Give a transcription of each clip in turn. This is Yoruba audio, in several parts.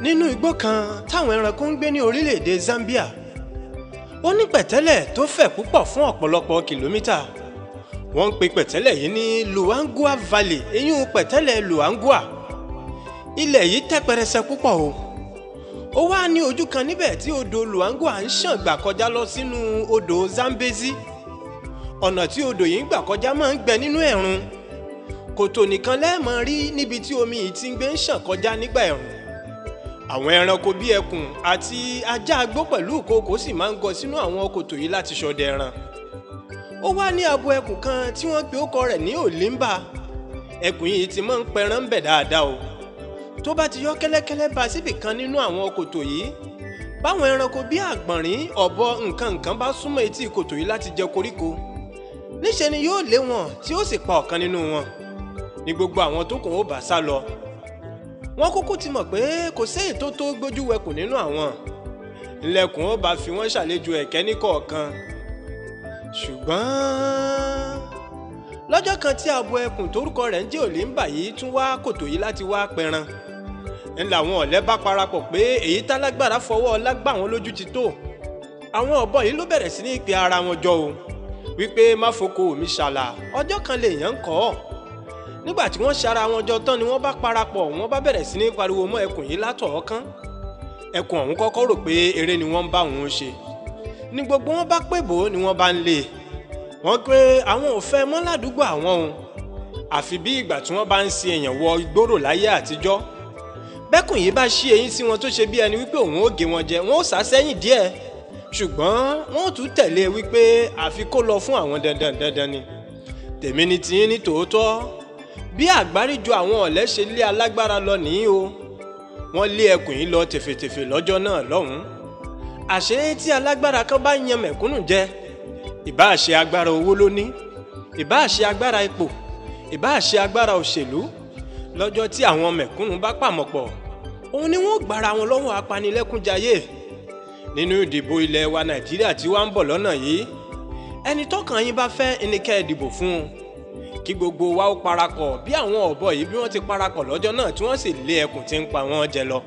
nínú igbó kan táwọn ẹranko ń gbé ní orílẹ̀-èdè Zambia ó ní pẹ̀tẹ́lẹ̀ tó fẹ̀ púpọ̀ fún ọ̀pọ̀lọpọ̀ kìlómítà wọ́n ń pe pẹ̀tẹ́lẹ̀ yìí ní Luangwa Valley eyín pẹ̀tẹ́lẹ̀ Luangwa ilẹ̀ yìí tẹ́ pẹrẹsẹ púpọ̀ o ó wá ní ojú kan níbẹ̀ tí odò Luangwa ń ṣàn gbà kọjá lọ sínú odò Zambezi ọ̀nà tí odò yìí ń gbà kọjá máa ń gbẹ nínú ẹ̀rùn kòtò nìkan lẹ́ẹ̀mọ́ rí níbi tí omi yìí ti ń gbé ń ṣàn kọjá nígbà ẹ̀rùn àwọn ẹranko bíi ẹkùn àti ajá agbó pẹ̀lú ìkookò sì máa ń gọ sínú àwọn kòtò yìí láti ṣọdẹ ẹran ó wá ní abo ẹkùn kan tí wọ́n pe ókọ rẹ̀ ní òlímbà ẹkùn yìí ti máa ń pẹran ń bẹ̀ dáadáa o tó bá ti yọ kẹ́lẹ́kẹ́lẹ́ bá síbì kan nínú àwọn kòtò yìí báwọn ẹranko bíi àgbọ̀nrín ọ̀bọ nǹkan nǹkan bá súnmọ́ etí kòtò yìí láti jẹ koríko níṣe ni yóò lé wọn tí ó sì pa ọ̀kan nínú wọn ní gbogbo àwọn tó kàn ó bá sá lọ wọ́n kúkú ti mọ̀ pé kò séyìí tó tó gbójú wẹkùn nínú àwọn ilẹ̀kùn ó bá fi wọ́n ṣàlejò ẹ̀kẹ́ ní kọ̀ọ̀kan ṣùgbọ́n lọ́jọ́ kan tí abo ẹkùn tórúkọ rẹ̀ ń jẹ́ Òlíńbà yìí tún wá kòtò yìí láti wá pẹran ń làwọn ọ̀lẹ́ bá parapọ̀ pé èyí tálágbára fọwọ́ lágbà wọn lójú ti tó àwọn ọ̀bọ yìí ló bẹ̀rẹ̀ sí ní pe ara wọn jọ o wípé má foko mi ṣàlà ọjọ́ kan lèèyàn ń kọ́ ọ́ nígbà tí wọ́n ṣara wọn jọ tán ni wọ́n bá parapọ̀ wọ́n bá bẹ̀rẹ̀ sí ní pariwo mọ́ ẹkùn yìí látọ̀ọ́kán ẹkùn ọ̀hún kọ́kọ́ rò pé eré ni wọ́n ń bá òun ṣe ni gbogbo wọn bá pè bò ni wọ́n bá ń lé e wọ́n pé àwọn ò fẹ́ mọ́ ládùúgbò àwọn o àfi bí ìgbà tí wọ́n bá ń sin èèyàn wọ gbòòrò láyé àtijọ́ bẹ́kùn yìí bá ṣí eyín sí wọn tó ṣe bí ẹni wípé òun ó gé wọn jẹ wọn ó sá sẹ́yìn díẹ̀ ṣùgbọ́n wọn ò tún tẹ̀lé e wípé àfi kó lọ fún àwọn dandan dandan ni tèmi ni tiyín ní tòótọ́ bí àgbáríjọ àwọn ọ̀lẹ́ ṣe lé alágbára lọ nìyí o wọ́n lé ẹkùn yìí lọ tèfètèfè lọ́jọ́ náà lọ́hùn-ún àṣé tí alágbára kan bá yan mẹ̀kúnnù jẹ ìbáà ṣe agbára owó ló ní ìbáà ṣe agbára ipò ìbáà ṣe agbára òṣèlú lọ́jọ́ tí àwọn mẹ̀kúnnù bá pàmọ̀pọ̀ òun ni wọ́n gbára wọn lọ́wọ́ apanilẹ́kúnjayé nínú ìdìbò ilẹ̀ wa nàìjíríà tí wàá ń bọ̀ lọ́nà yìí ẹni tọ́kàn yín bá fẹ́ ẹnikẹ́ ìdìbò fún un kí gbogbo wa ó parakọ̀ bí àwọn ọ̀bọ yìí bí wọ́n ti parakọ̀ lọ́jọ́ náà tí wọ́n sì lé ẹkùn tí ń pa wọ́n jẹ lọ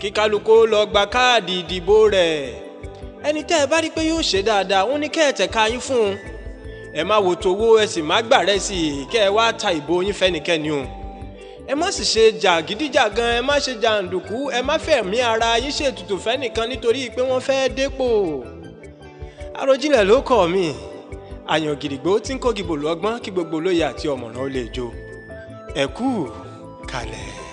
kí kálukó lọ gba káàdì ìdìbò rẹ̀ ẹni tẹ́ ẹ bá rí pé yóò ṣe dáadáa ó ní kẹ́ ẹ tẹ̀ka yín fún un ẹ má wo towó ẹ sì má gbàrẹ́ sí i kẹ́ ẹ wá ta ìbò yín fẹ́nikẹ́ni o ẹ má sì ṣe jàgídíjàgan ẹ má ṣe jàǹdùkú ẹ má fẹ̀mí ara yín ṣètùtù fẹ́nìkan nítorí pé wọ́n fẹ́ dépò Àròjinlẹ̀ ló kọ̀ mí àyàn gidigbó tí ń kó gìbò lọ́gbọ́n kí gbogbo olóye àti ọ̀mọ̀ràn ó lè jó ẹ̀kú kalẹ̀.